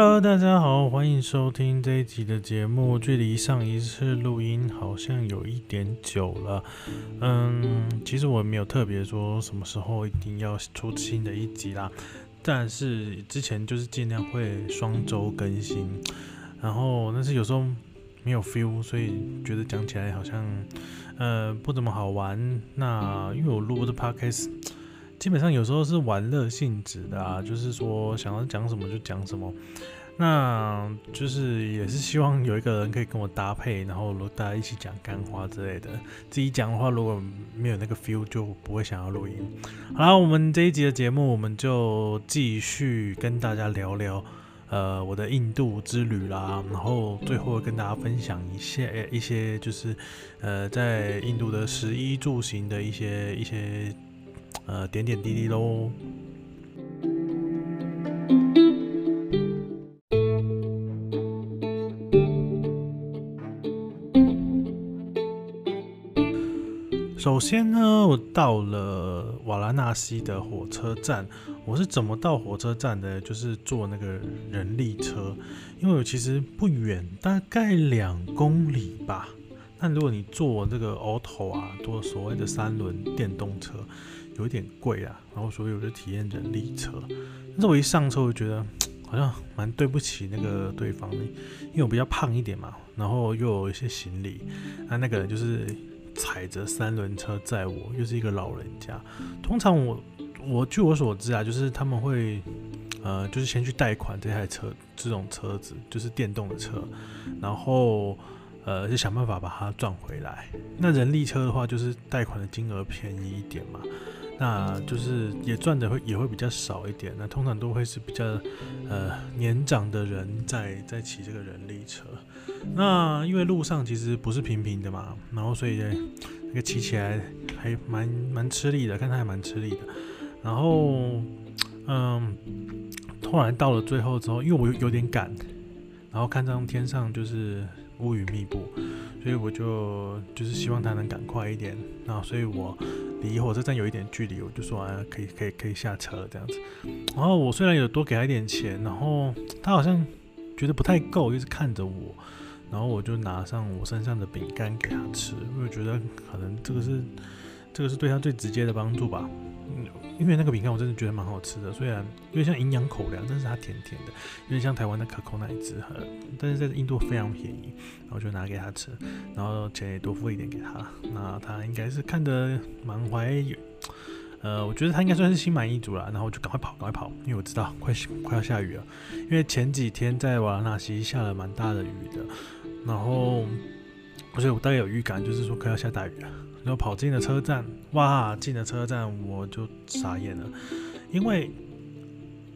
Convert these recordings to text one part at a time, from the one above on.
Hello，大家好，歡迎收聽這一集的節目。距離上一次錄音好像有一點久了，嗯，其實我沒有特別說什麼時候一定要出新的一集啦，但是之前就是盡量會雙週更新，然後但是有時候沒有 feel，所以覺得講起來好像呃不怎麼好玩。那因為我錄這 podcast，基本上有時候是玩樂性質的啊，就是說想要講什麼就講什麼。那就是也是希望有一個人可以跟我搭配，然後錄，大家一起講幹話之類的。自己講的話，如果沒有那個 feel 就不會想要錄音。好啦，我們這一集的節目，我們就繼續跟大家聊聊，呃，我的印度之旅啦。然後最後跟大家分享一下一些就是，呃，在印度的食衣住行的一些一些呃點點滴滴嘍。首先呢，我到了瓦拉納西的火車站。我是怎麼到火車站的？就是坐那個人力車，因為我其實不遠，大概兩公里吧。但如果你坐這個 auto 啊，坐所謂的三輪電動車，有點貴啊。然後所以我就體驗人力車。但是我一上車，我就覺得好像蠻對不起那個對方的，因為我比較胖一點嘛，然後又有一些行李，那那個人就是。踩着三輪車載我，又是一個老人家。通常我，我據我所知啊，就是他們會，呃，就是先去貸款這台車，這種車子就是電動的車，然後，呃，就想辦法把它賺回來。那人力車的話，就是貸款的金額便宜一點嘛。那就是也賺的會也會比較少一點，那通常都會是比較，呃，年長的人在在騎這個人力車。那因為路上其實不是平平的嘛，然後所以那個騎起來還蠻蠻吃力的，看他還蠻吃力的。然後，嗯、呃，突然到了最後之後，因為我有，有點趕，然後看這天上就是烏雲密布。所以我就就是希望他能趕快一點，然後所以我離火車站有一點距離，我就說、啊、可以可以可以下車這樣子。然後我雖然有多給他一點錢，然後他好像覺得不太夠，一直看着我。然後我就拿上我身上的餅乾給他吃，我覺得可能這個是這個是對他最直接的幫助吧。因為那個餅乾我真的覺得蠻好吃的，雖然有點像營養口糧，但是它甜甜的，有點像台灣的可口奶滋，但是在印度非常便宜，然後就拿給他吃，然後錢也多付一點給他，那他應該是看得蠻懷疑，呃，我覺得他應該算是心滿意足了，然後就趕快跑，趕快跑，因為我知道快快要下雨了，因為前幾天在瓦拉納西下了蠻大的雨的，然後，所以我大概有預感，就是說快要下大雨了。都跑進了車站，哇！進了車站我就傻眼了，因為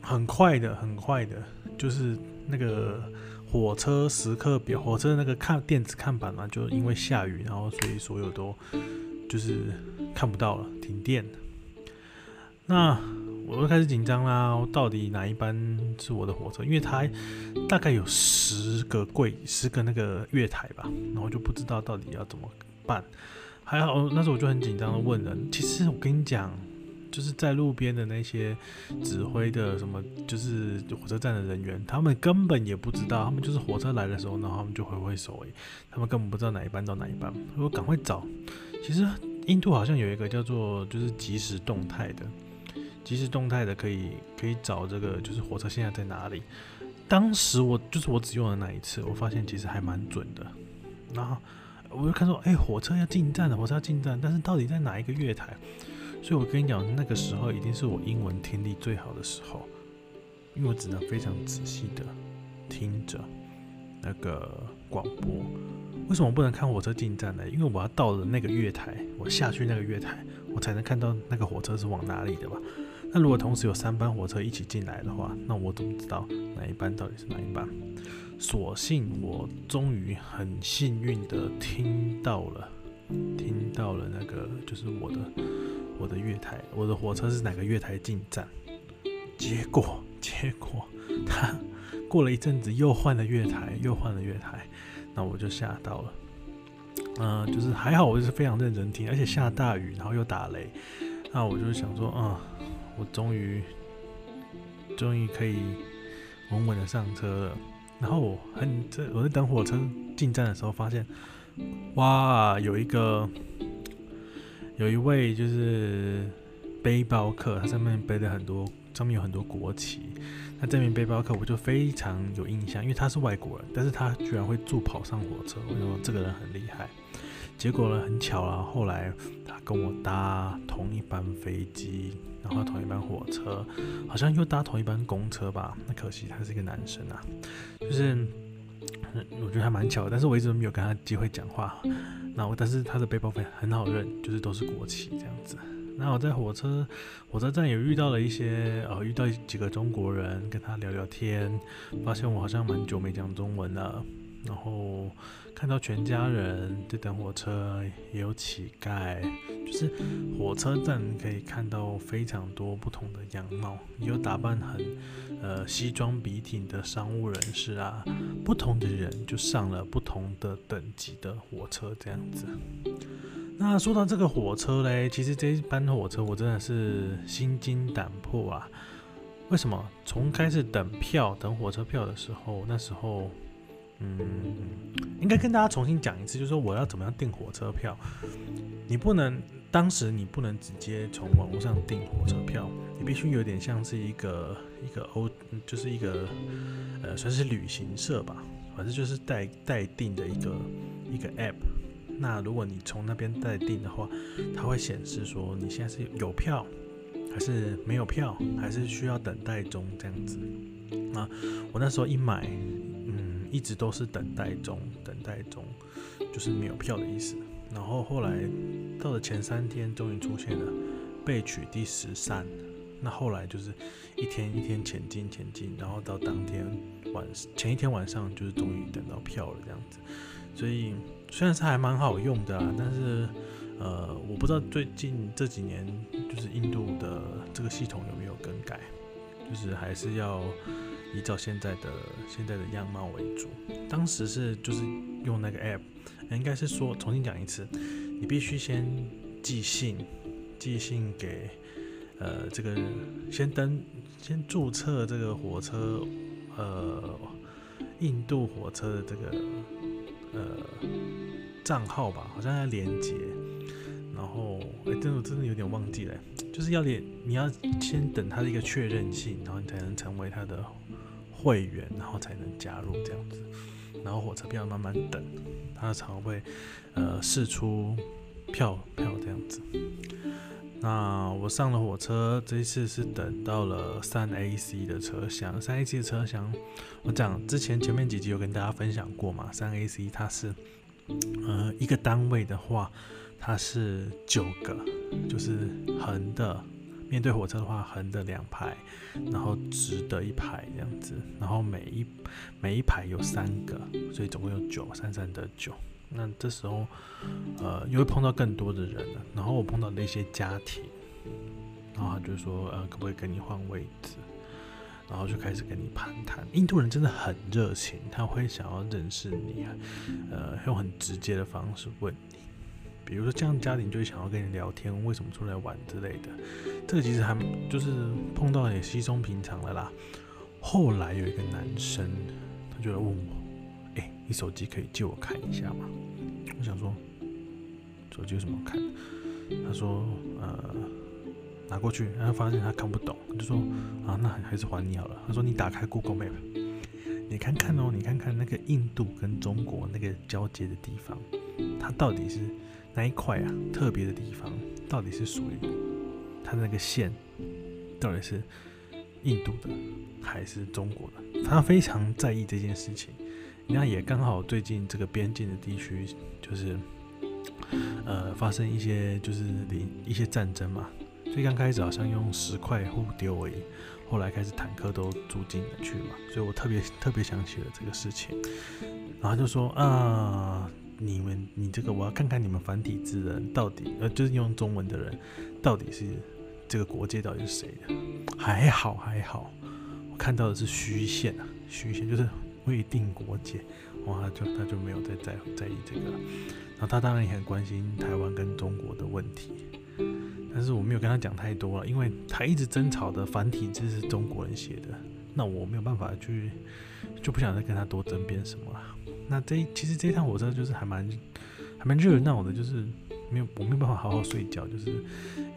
很快的，很快的，就是那個火車時刻表，火車那個看電子看板嘛，就因為下雨，然後所以所有都就是看不到了，停電。那我就開始緊張啦，我到底哪一班是我的火車？因為它大概有十個櫃，十個那個月台吧，然後就不知道到底要怎麼辦。還好，那時候我就很緊張的問人。其實我跟你講，就是在路邊的那些指揮的什麼，就是火車站的人員，他們根本也不知道，他們就是火車來的時候，然後他們就揮揮手，哎，他們根本不知道哪一班到哪一班。如果趕快找，其實印度好像有一個叫做就是即時動態的，即時動態的可以可以找這個，就是火車現在在哪裡。當時我就是我只用了那一次，我發現其實還蠻準的。然後。我就看說，誒、欸，火車要進站了，火車要進站，但是到底在哪一個月台？所以我跟你講，那個時候一定是我英文聽力最好的時候，因為我只能非常仔細的聽着那個廣播。為什麼我不能看火車進站呢？因為我要到了那個月台，我下去那個月台，我才能看到那個火車是往哪裡的吧？那如果同時有三班火車一起進來的話，那我怎麼知道哪一班到底是哪一班？所幸我終於很幸運的聽到了，聽到了那個就是我的我的月台，我的火車是哪個月台進站？結果結果他過了一陣子又換了月台，又換了月台，那我就嚇到了。嗯、呃，就是還好我就是非常認真聽，而且下大雨，然後又打雷，那我就想說，啊、呃，我終於終於可以穩穩的上車了。然後我很，很這我在等火車進站的時候，發現，哇，有一個有一位就是背包客，他上面背着很多，上面有很多國旗。那這名背包客我就非常有印象，因為他是外國人，但是他居然會助跑上火車，我就說這個人很厲害。結果呢，很巧啊，後來他跟我搭同一班飛機，然後同一班火車，好像又搭同一班公車吧。那可惜他是一個男生啊，就是我覺得還蠻巧的，但是我一直沒有跟他機會講話。然後，但是他的背包背很好認，就是都是國旗這樣子。那我在火車火車站也遇到了一些，呃，遇到幾個中國人跟他聊聊天，發現我好像蠻久沒講中文了。然後看到全家人在等火車，也有乞丐，就是火車站可以看到非常多不同的樣貌，也有打扮很呃西裝筆挺的商務人士啊，不同的人就上了不同的等級的火車這樣子。那說到這個火車嘞，其實這一班火車我真的是心驚膽破啊！為什麼？從開始等票、等火車票的時候，那時候。嗯，應該跟大家重新講一次，就是說我要怎麼樣訂火車票。你不能當時你不能直接從網絡上訂火車票，你必須有點像是一個一個歐，就是一個呃算是旅行社吧，反正就是代代訂的一個一個 app。那如果你從那邊代訂的話，它會顯示說你現在是有票，還是沒有票，還是需要等待中這樣子。啊，我那時候一買，一直都是等待中，等待中，就是沒有票的意思。然後後來到了前三天，終於出現了備取第十三。那後來就是一天一天前進，前進，然後到當天晚前一天晚上，就是終於等到票了這樣子。所以雖然是還蠻好用的啦，但是呃，我不知道最近這幾年就是印度的這個系統有沒有更改，就是還是要。依照現在的現在的樣貌為主，當時是就是用那個 app，應該是說重新講一次，你必須先寄信，寄信給呃這個先登先註冊這個火車呃印度火車的這個呃賬號吧，好像要連接，然後哎、欸、真的真的有點忘記了，就是要連你要先等它的一個確認信，然後你才能成為它的。會員，然後才能加入這樣子，然後火車票慢慢等，它才會呃試出票票這樣子。那我上了火車，這一次是等到了三 A C 的車廂，三 A C 的車廂我講之前前面幾集有跟大家分享過嘛，三 A C 它是呃一個單位的話，它是九個，就是橫的。面對火車的話，橫的兩排，然後直的一排這樣子，然後每一每一排有三個，所以總共有九，三三得九。那這時候，呃，又會碰到更多的人了。然後我碰到那些家庭，然後他就說，呃，可不可以跟你換位置？然後就開始跟你攀談。印度人真的很熱情，他會想要認識你，呃，用很直接的方式問。比如說，這樣家庭就會想要跟你聊天，為什麼出來玩之類的。這個其實還就是碰到也稀鬆平常了啦。後來有一個男生，他就來問我：“誒、欸，你手機可以借我看一下嗎？”我想說，手機有什麼好看的？他說：“呃，拿過去。”然後發現他看不懂，就說：“啊，那還是還你好了。”他說：“你打開 Google Map，你看看哦、喔，你看看那個印度跟中國那個交接的地方，他到底是……”那一塊啊，特別的地方到底是屬於它那個縣，到底是印度的還是中國的？他非常在意這件事情。那也剛好最近這個邊境的地區就是，呃，發生一些就是連一些戰爭嘛。所以剛開始好像用石塊互丟而已，後來開始坦克都住進了去嘛。所以我特別特別想起了這個事情，然後就說啊。呃你們，你這個我要看看你們繁體字的人到底，呃，就是用中文的人，到底是這個國界到底是誰的？還好還好，我看到的是虛線啊，虛線就是未定國界，哇，他就他就沒有再在在，在意這個了。然後他當然也很關心台灣跟中國的問題，但是我沒有跟他講太多了，因為他一直爭吵的繁體字是中國人寫的，那我沒有辦法去，就不想再跟他多爭辯什麼了。那這其實這一趟火車就是還蠻還蠻熱鬧的，就是沒有我沒有辦法好好睡覺，就是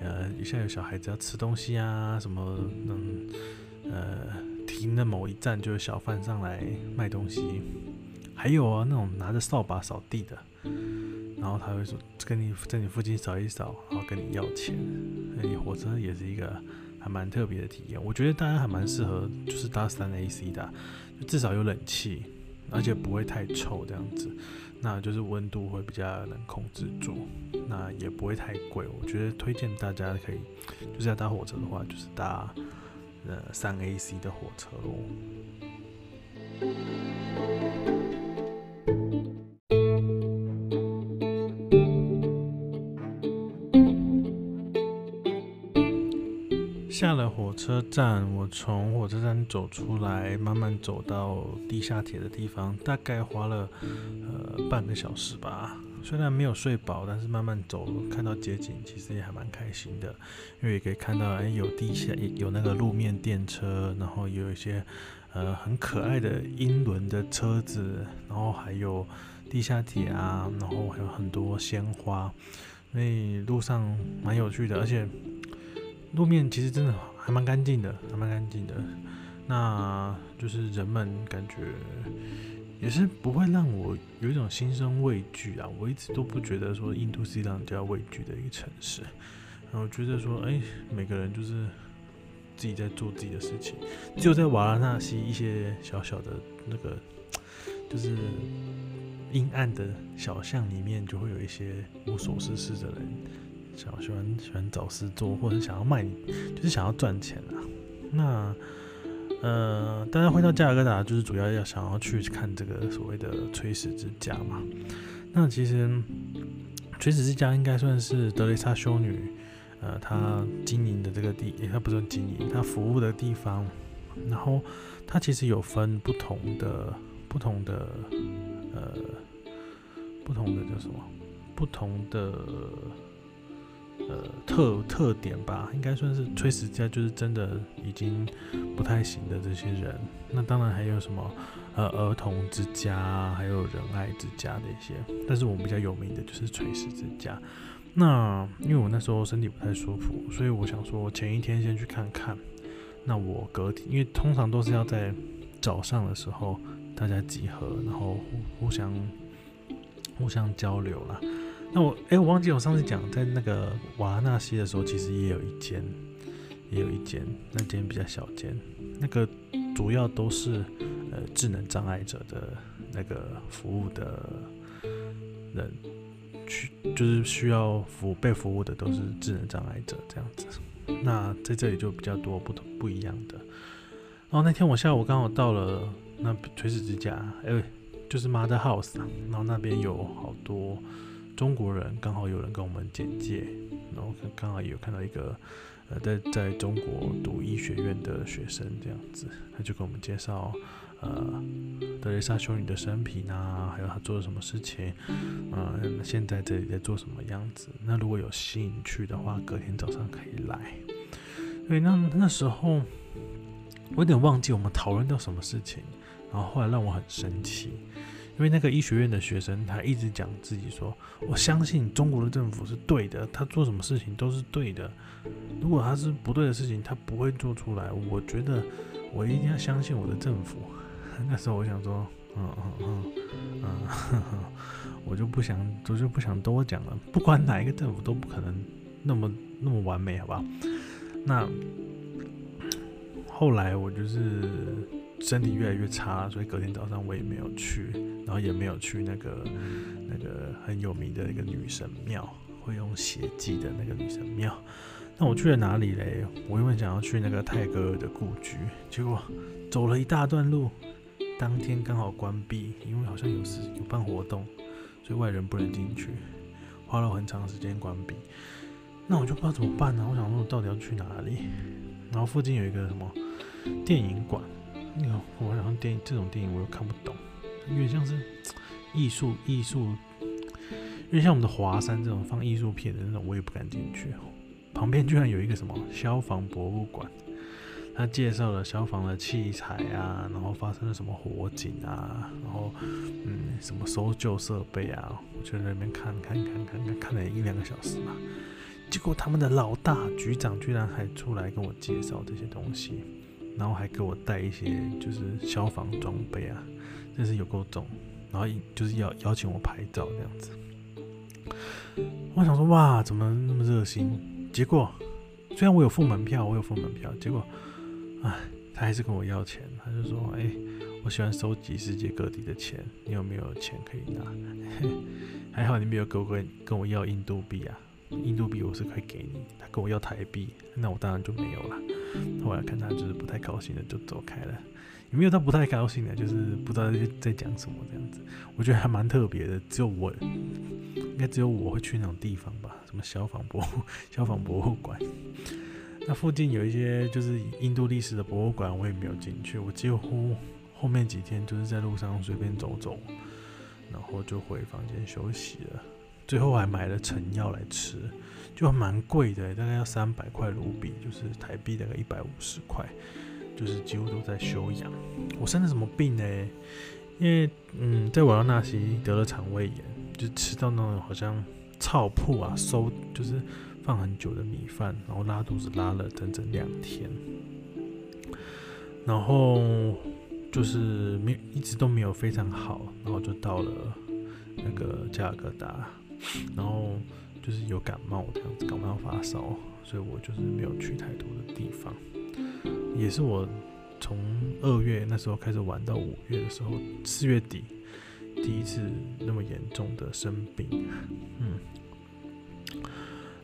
呃，一下有小孩子要吃東西啊，什麼嗯呃停的某一站就有小販上來賣東西，還有啊那種拿着掃把掃地的，然後他會說跟你在你附近掃一掃，然後跟你要錢。那你火車也是一個還蠻特別的體驗，我覺得大家還蠻適合就是搭三 A C 的，就至少有冷氣。而且不會太臭這樣子，那就是溫度會比較能控制住，那也不會太貴，我覺得推薦大家可以，就是要搭火車的話，就是搭呃三 A C 的火車咯。火車站，我從火車站走出來，慢慢走到地下鐵的地方，大概花了呃半個小時吧。雖然沒有睡飽，但是慢慢走，看到街景，其實也還蠻開心的。因為也可以看到，哎、欸，有地下，有那個路面電車，然後有一些呃很可愛的英倫的車子，然後還有地下鐵啊，然後還有很多鮮花，所以路上蠻有趣的，而且路面其實真的。還蠻乾淨的，還蠻乾淨的。那就是人們感覺也是不會讓我有一種心生畏懼啊。我一直都不覺得說印度西朗比較畏懼的一個城市，然後覺得說，哎、欸，每個人就是自己在做自己的事情。只有在瓦拉納西一些小小的那個，就是陰暗的小巷裡面，就會有一些無所事事的人。想要喜歡喜歡找事做，或者想要賣，就是想要賺錢啊。那呃，大家回到加爾各答，就是主要要想要去看這個所謂的垂死之家嘛。那其實垂死之家應該算是德雷莎修女呃，她經營的這個地，欸、她不是經營，她服務的地方。然後她其實有分不同的、不同的呃、不同的叫什麼？不同的。呃，特特點吧，應該算是垂死家，就是真的已經不太行的這些人。那當然還有什麼，呃，兒童之家，還有仁愛之家的一些。但是我們比較有名的就是垂死之家。那因為我那時候身體不太舒服，所以我想說我前一天先去看看。那我隔天，因為通常都是要在早上的時候大家集合，然後互互相互相交流啦。那我哎、欸，我忘記我上次講在那個瓦納西的時候，其實也有一間，也有一間，那間比較小間，那個主要都是呃智能障礙者的那個服務的人，去就是需要服被服務的都是智能障礙者這樣子。那在這裡就比較多不同不一樣的。然後那天我下午剛好到了那垂死之家，哎、欸，就是 Mother House 啊，然後那邊有好多。中國人剛好有人跟我們簡介，然後剛剛好也有看到一個，呃，在在中國讀醫學院的學生這樣子，他就跟我們介紹，呃，德蕾莎修女的生平吶，還有她做了什麼事情，嗯、呃，現在這裡在做什麼樣子？那如果有興趣的話，隔天早上可以來。所以那那時候我有點忘記我們討論到什麼事情，然後後來讓我很生氣。因為那個醫學院的學生，他一直講自己說：“我相信中國的政府是對的，他做什麼事情都是對的。如果他是不對的事情，他不會做出來。”我覺得我一定要相信我的政府。 那時候我想說：“嗯嗯嗯嗯，我就不想，我就不想多講了。不管哪一個政府都不可能那麼那麼完美，好吧，那後來我就是。身體越來越差，所以隔天早上我也沒有去，然後也沒有去那個那個很有名的一個女神廟，會用血祭的那個女神廟。那我去了哪裡嘞？我原本想要去那個泰戈爾的故居，結果走了一大段路，當天剛好關閉，因為好像有事有辦活動，所以外人不能進去，花了很長時間關閉。那我就不知道怎麼辦呢，啊？我想說我到底要去哪裡？然後附近有一個什麼電影館。我然後電影這種電影我又看不懂，有點像是藝術藝術，因為像我們的華山這種放藝術片的那種，我也不敢進去。旁邊居然有一個什麼消防博物館，他介紹了消防的器材啊，然後發生了什麼火警啊，然後嗯什麼搜救設備啊，我就在那邊看看看看看看了一兩個小時嘛，結果他們的老大局長居然還出來跟我介紹這些東西。然後還給我帶一些就是消防裝備啊，真是有夠重。然後就是要邀請我拍照這樣子，我想說哇，怎麼那麼熱心？結果雖然我有付門票，我有付門票，結果唉，他還是跟我要錢。他就說，誒，我喜歡收集世界各地的錢，你有沒有錢可以拿？還好你沒有跟我跟我要印度幣啊，印度幣我是可以給你。他跟我要台幣，那我當然就沒有了。後來看他，就是不太高興的，就走開了。也沒有他不太高興的，就是不知道在講什麼這樣子。我覺得還蠻特別的，只有我，應該只有我會去那種地方吧，什麼消防博物消防博物館。那附近有一些就是印度歷史的博物館，我也沒有進去。我幾乎後面幾天就是在路上隨便走走，然後就回房間休息了。最後還買了成藥來吃。就還蠻貴的，大概要三百塊盧比，就是台幣大概一百五十塊，就是幾乎都在休養。我生了什麼病呢？因為嗯，在瓦拉納西得了腸胃炎，就吃到那種好像草鋪啊，餿就是放很久的米飯，然後拉肚子拉了整整兩天，然後就是沒一直都沒有非常好，然後就到了那個加爾各答，然後。就是有感冒這樣子，感冒發燒，所以我就是沒有去太多的地方。也是我從二月那時候開始玩到五月的時候，四月底第一次那麼嚴重的生病。嗯，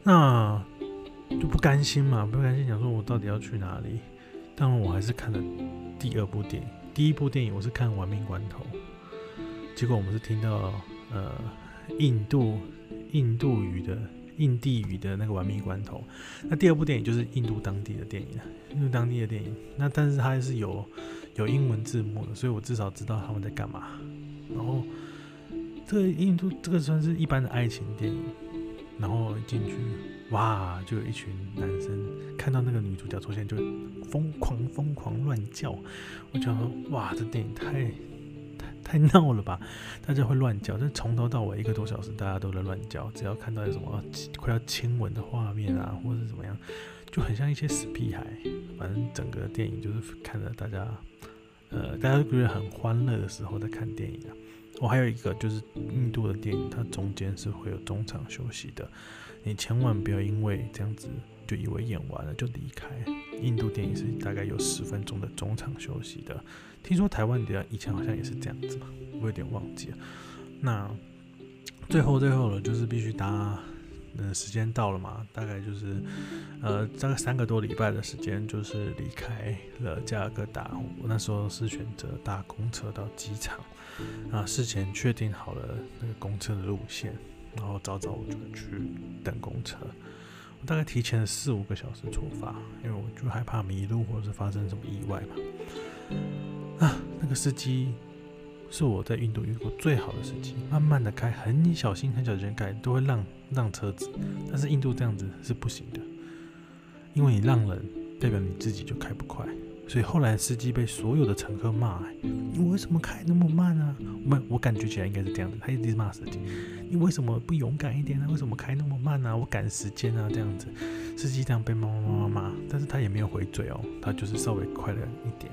那就不甘心嘛，不甘心，想說我到底要去哪裡？但我還是看了第二部電影，第一部電影我是看《玩命關頭》，結果我們是聽到呃印度。印度語的、印地語的那個玩命關頭，那第二部電影就是印度當地的電影，印度當地的電影，那但是它還是有有英文字幕的，所以我至少知道他們在幹嘛。然後這個印度這個算是一般的愛情電影，然後進去哇，就有一群男生看到那個女主角出現就瘋狂瘋狂亂叫，我覺得說哇，這電影太。太鬧了吧！大家會亂叫，就從頭到尾一個多小時，大家都在亂叫。只要看到有什麼快要親吻的畫面啊，或者是怎麼樣，就很像一些死屁孩。反正整個電影就是看着大家，呃，大家都覺得很歡樂的時候在看電影啊。哦，還有一個就是印度的電影，它中間是會有中場休息的，你千萬不要因為這樣子。就以為演完了就離開。印度電影是大概有十分鐘的中場休息的，聽說台灣的以前好像也是這樣子嘛，我有點忘記了。那最後最後了，就是必須搭、呃，時間到了嘛，大概就是呃，大概三個多禮拜的時間，就是離開了加爾各答。我那時候是選擇搭公車到機場，啊，事前確定好了那個公車的路線，然後早早我就去等公車。我大概提前四五個小時出發，因為我就害怕迷路或者是發生什麼意外嘛。啊，那個司機是我在印度遇過最好的司機，慢慢的開，很小心、很小心開，都會讓讓車子。但是印度這樣子是不行的，因為你讓人，代表你自己就開不快。所以後來司機被所有的乘客罵。欸，你為什麼開那麼慢啊？我我感覺起來應該是這樣子，他一直罵司機，你為什麼不勇敢一點呢？啊？為什麼開那麼慢呢？啊？我趕時間啊，這樣子，司機這樣被罵罵罵罵罵，但是他也沒有回嘴哦。喔，他就是稍微快了一點，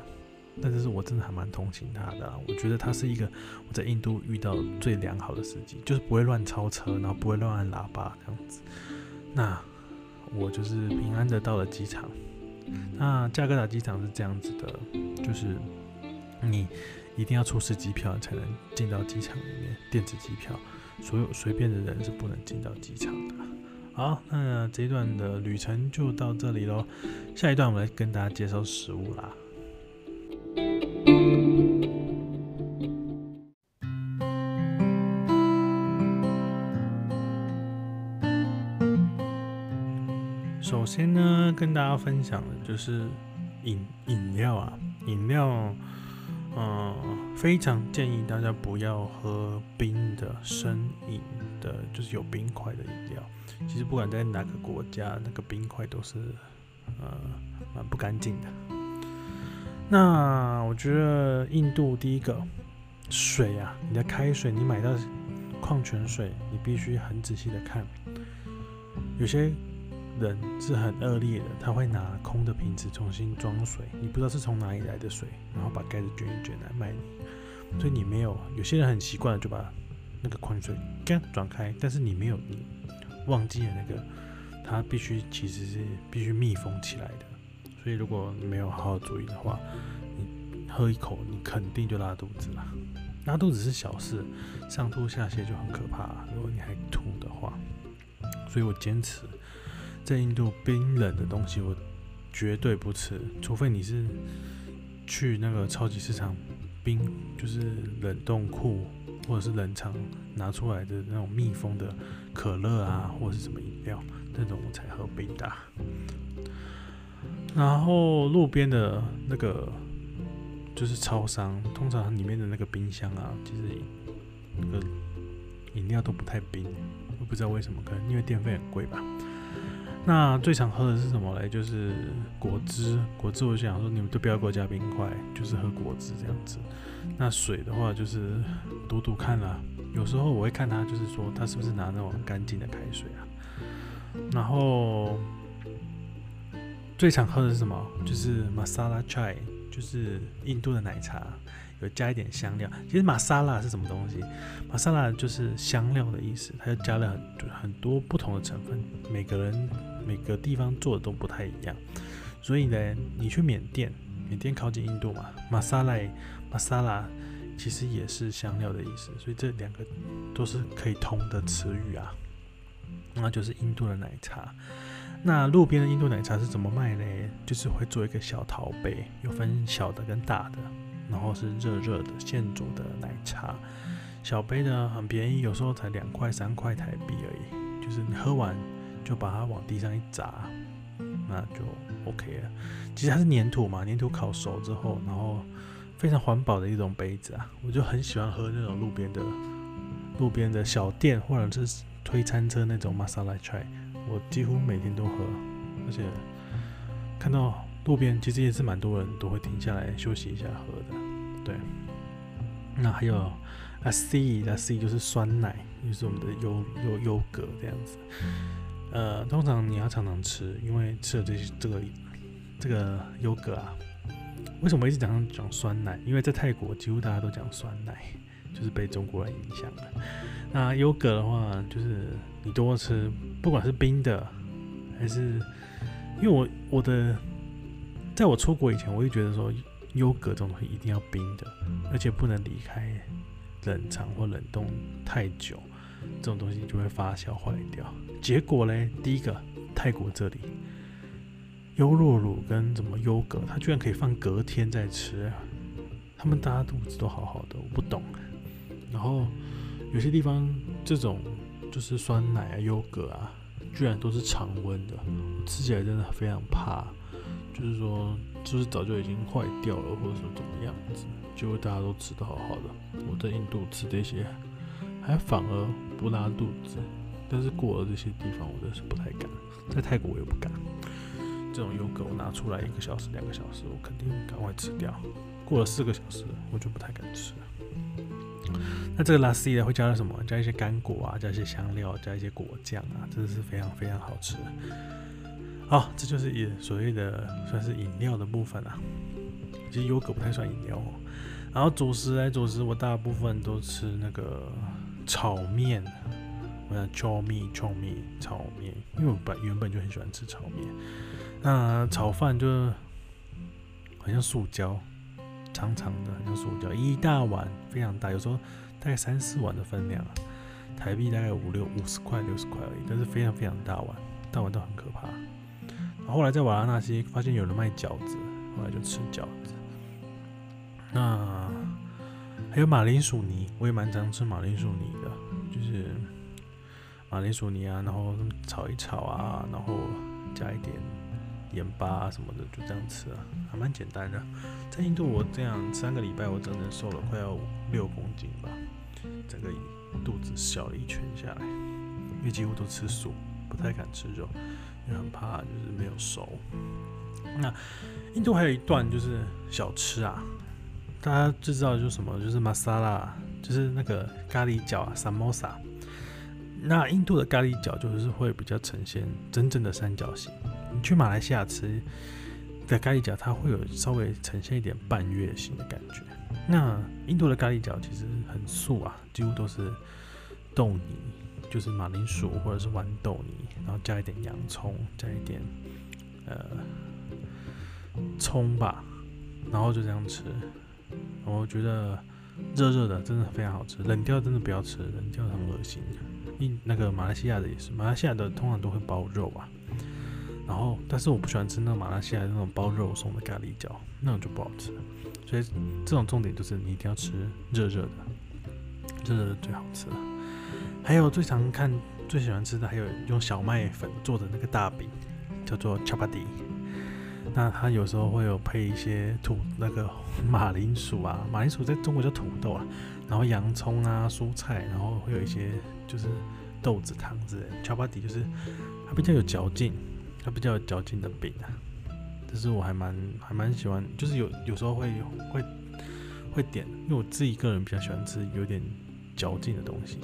但是我真的還蠻同情他的，我覺得他是一個我在印度遇到最良好的司機，就是不會亂超車，然後不會亂按喇叭這樣子，那我就是平安的到了機場。那加爾各答機場是這樣子的，就是你一定要出示機票才能進到機場裡面，電子機票，所有隨便的人是不能進到機場的。好，那這一段的旅程就到這裡嘍，下一段我們來跟大家介紹食物啦。跟大家分享的就是飲飲料啊，飲料，嗯、呃，非常建議大家不要喝冰的、生飲的，就是有冰塊的飲料。其實不管在哪個國家，那個冰塊都是呃蠻不乾淨的。那我覺得印度第一個水啊，你的開水，你買到礦泉水，你必須很仔細的看，有些。人是很惡劣的，他會拿空的瓶子重新裝水，你不知道是從哪裡來的水，然後把蓋子卷一卷來賣你，所以你沒有。有些人很習慣就把那個礦泉水蓋轉開，但是你沒有，你忘記了那個，它必須其實是必須密封起來的。所以如果你沒有好好注意的話，你喝一口，你肯定就拉肚子了。拉肚子是小事，上吐下瀉就很可怕啊。如果你還吐的話，所以我堅持。在印度，冰冷的東西我絕對不吃，除非你是去那個超級市場冰，就是冷凍庫或者是冷藏，拿出來的那種密封的可樂啊，或者是什麼飲料，那種我才喝冰的。然後路邊的那個就是超商，通常裡面的那個冰箱啊，其實那個飲料都不太冰，我不知道為什麼，可能因為電費很貴吧。那最常喝的是什麼呢？就是果汁，果汁。我想說，你們都不要給我加冰塊，就是喝果汁這樣子。那水的話，就是讀讀看啦。有時候我會看他，就是說他是不是拿那種很乾淨的開水啊。然後最常喝的是什麼？就是 Masala chai，就是印度的奶茶。有加一點香料。其實馬薩拉是什麼東西？馬薩拉就是香料的意思，它又加了很很多不同的成分。每個人每個地方做的都不太一樣。所以呢，你去緬甸，緬甸靠近印度嘛，馬薩拉馬莎拉其實也是香料的意思。所以這兩個都是可以通的詞語啊。那就是印度的奶茶。那路邊的印度奶茶是怎麼賣呢？就是會做一個小陶杯，有分小的跟大的。然後是熱熱的現煮的奶茶，小杯的很便宜，有時候才兩塊三塊台幣而已。就是你喝完就把它往地上一砸，那就 OK 了。其實它是粘土嘛，粘土烤熟之後，然後非常環保的一種杯子啊。我就很喜歡喝那種路邊的路邊的小店或者是推餐車那種瑪薩拉茶，我幾乎每天都喝，而且看到。路邊其實也是蠻多人都會停下來休息一下喝的，對。那還有啊 C 啊 C 就是酸奶，就是我們的優優優格這樣子。呃，通常你要常常吃，因為吃了這些這個這個優格啊。為什麼我一直講講酸奶？因為在泰國幾乎大家都講酸奶，就是被中國人影響了。那優格的話，就是你多吃，不管是冰的還是，因為我我的。在我出國以前，我就覺得說，優格這種東西一定要冰的，而且不能離開冷藏或冷凍太久，這種東西就會發酵壞掉。結果呢？第一個泰國這裡，優酪乳跟什麼優格，它居然可以放隔天再吃啊，他們大家肚子都好好的，我不懂欸。然後有些地方這種就是酸奶啊、優格啊，居然都是常溫的，我吃起來真的非常怕。就是說，就是早就已經壞掉了，或者說怎麼樣子，結果大家都吃得好好的。我在印度吃這些，還反而不拉肚子。但是過了這些地方，我真是不太敢。在泰國我又不敢。這種優格我拿出來一個小時、兩個小時，我肯定趕快吃掉。過了四個小時，我就不太敢吃了、嗯。那這個拉西的會加了什麼？加一些乾果啊，加一些香料，加一些果醬啊，真的是非常非常好吃。好，這就是飲所謂的算是飲料的部分啊，其實優格不太算飲料喔。哦，然後主食來主食，我大部分都吃那個炒麵，我叫炒麵，炒麵。因為我本原本就很喜歡吃炒麵。那炒飯就很像塑膠，長長的，很像塑膠，一大碗非常大，有時候大概三四碗的分量，台幣大概五六五十塊六十塊而已，但是非常非常大碗，大碗到很可怕。後來在瓦拉那西發現有人賣餃子，後來就吃餃子。那還有馬鈴薯泥，我也蠻常吃馬鈴薯泥的，就是馬鈴薯泥啊，然後炒一炒啊，然後加一點鹽巴啊什麼的，就這樣吃啊，還蠻簡單的。在印度，我這樣三個禮拜，我整整瘦了快要六公斤吧，整個肚子小了一圈下來，因為幾乎都吃素，不太敢吃肉。很怕就是沒有熟。那印度還有一段就是小吃啊，大家最知道就是什麼，就是瑪莎拉，就是那個咖喱角啊，薩摩薩。那印度的咖喱角就是會比較呈現真正的三角形。你去馬來西亞吃的咖喱角，它會有稍微呈現一點半月形的感覺。那印度的咖喱角其實很素啊，幾乎都是豆泥。就是馬鈴薯或者是豌豆泥，然後加一點洋蔥，加一點呃蔥吧，然後就這樣吃。我覺得熱熱的真的非常好吃，冷掉真的不要吃，冷掉很噁心。因、嗯、那個馬來西亞的也是，馬來西亞的通常都會包肉吧、啊，然後但是我不喜歡吃那個馬來西亞那種包肉鬆的咖喱餃，那種就不好吃。所以這種重點就是你一定要吃熱熱的，這是最好吃的。還有最常看，最喜歡吃的，還有用小麥粉做的那個大餅，叫做喬巴迪。那它有時候會有配一些土那個馬鈴薯啊，馬鈴薯在中國叫土豆啊，然後洋蔥啊、蔬菜，然後會有一些就是豆子湯之類。喬巴迪就是它比較有嚼勁，它比較有嚼勁的餅啊。就是我還蠻還蠻喜歡，就是有有時候會會會點，因為我自己個人比較喜歡吃有點嚼勁的東西。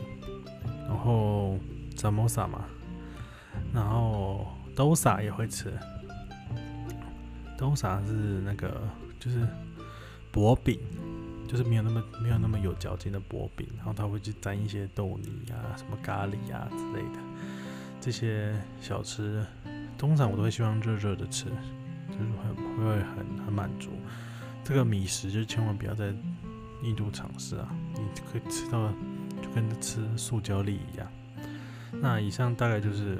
然後在 m o 嘛，然後 d o 也會吃，d o 是那個就是薄餅，就是沒有那麼沒有那麼有嚼勁的薄餅，然後他會去沾一些豆泥啊、什麼咖喱啊之類的這些小吃，通常我都會希望熱熱的吃，就是很會很很滿足。這個米食就千萬不要在印度嘗試啊，你可以吃到。就跟吃塑膠粒一樣。那以上大概就是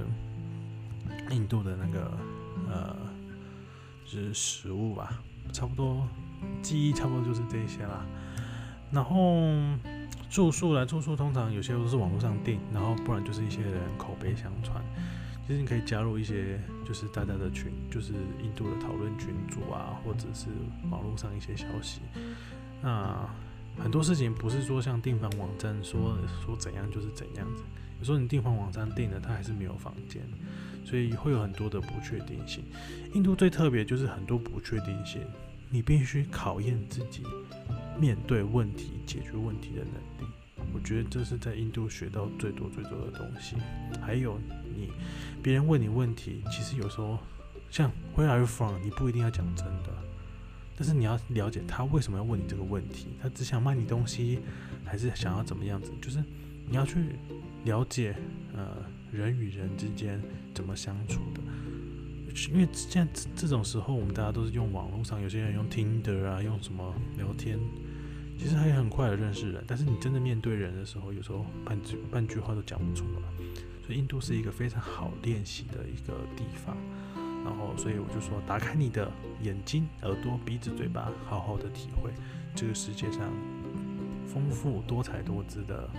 印度的那個呃，就是食物吧，差不多記憶差不多就是這一些啦。然後住宿來、啊、住宿通常有些都是網絡上訂，然後不然就是一些人口碑相傳。其實你可以加入一些就是大家的群，就是印度的討論群組啊，或者是網絡上一些消息。那。很多事情不是說像訂房網站說說怎樣就是怎樣子，有時候你訂房網站訂了，它還是沒有房間，所以會有很多的不確定性。印度最特別就是很多不確定性，你必須考驗自己面對問題、解決問題的能力。我覺得這是在印度學到最多最多的東西。還有你，別人問你問題，其實有時候像 Where are you from？你不一定要講真的。但是你要了解他為什麼要問你這個問題，他只想賣你東西，還是想要怎麼樣子？就是你要去了解，呃，人與人之間怎麼相處的。因為現在這種時候，我們大家都是用網絡上，有些人用 Tinder 啊，用什麼聊天，其實還很快的認識人。但是你真的面對人的時候，有時候半句半句話都講不出來。所以印度是一個非常好練習的一個地方。然後，所以我就說，打開你的眼睛、耳朵、鼻子、嘴巴，好好的體會這個世界上豐富多彩多姿的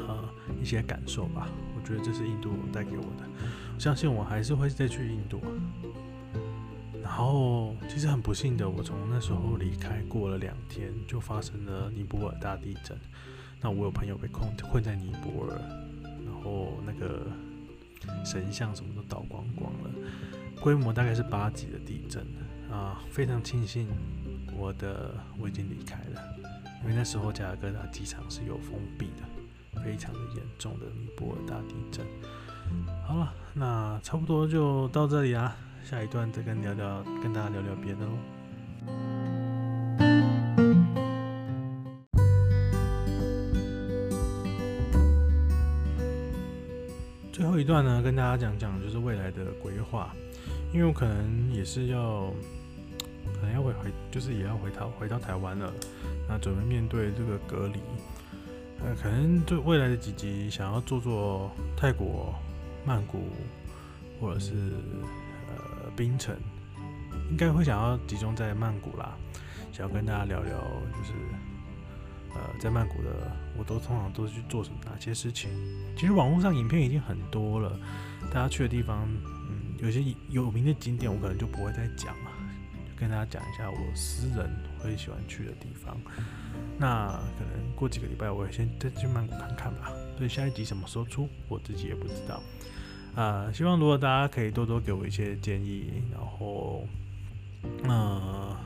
呃一些感受吧。我覺得這是印度帶給我的，我相信我還是會再去印度。然後，其實很不幸的，我從那時候離開過了兩天，就發生了尼泊爾大地震。那我有朋友被困，困在尼泊爾，然後那個神像什麼都倒光光了。規模大概是八級的地震啊，非常慶幸我的我已經離開了，因為那時候加爾各答機場是有封閉的，非常的嚴重的尼泊爾大地震。好了，那差不多就到這裡啊，下一段再跟聊聊，跟大家聊聊別的嘍。段呢，跟大家講講就是未來的規劃，因為我可能也是要，可能要回回，就是也要回台回到台灣了，那準備面對這個隔離，呃，可能對未來的幾集想要做做泰國曼谷或者是、嗯、呃檳城。應該會想要集中在曼谷啦，想要跟大家聊聊就是。呃，在曼谷的，我都通常都是去做什麼？哪些事情？其實網絡上影片已經很多了，大家去的地方，嗯，有些有名的景點我可能就不會再講了，就跟大家講一下我私人會喜歡去的地方。那可能過幾個禮拜，我會先再去曼谷看看吧。所以下一集什麼時候出，我自己也不知道。啊、呃，希望如果大家可以多多給我一些建議，然後，那、呃。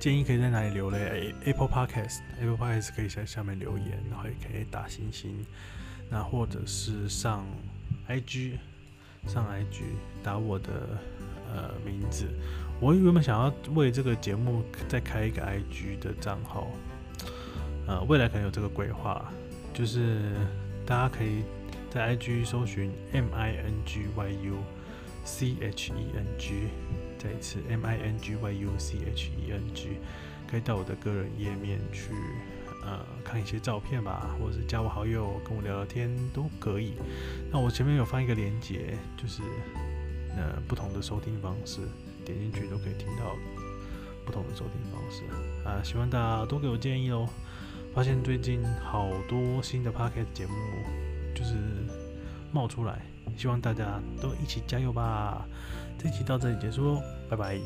建議可以在哪裡留嘞？Apple Podcast，Apple Podcast 可以在下面留言，然後也可以打星星。那或者是上 IG，上 IG 打我的呃名字。我原本想要為這個節目再開一個 IG 的賬號，呃，未來可能有這個規劃，就是大家可以在 IG 搜尋 MINGYU。Cheng，再一次，Mingyucheng，、e、可以到我的個人頁面去，呃，看一些照片吧，或者是加我好友，跟我聊聊天都可以。那我前面有發一個鏈接，就是呃不同的收聽方式，點進去都可以聽到不同的收聽方式，呃、喜歡的啊。希望大家多給我建議哦。發現最近好多新的 Podcast 節目就是冒出來。希望大家都一起加油吧！這期到這裡結束哦，拜拜。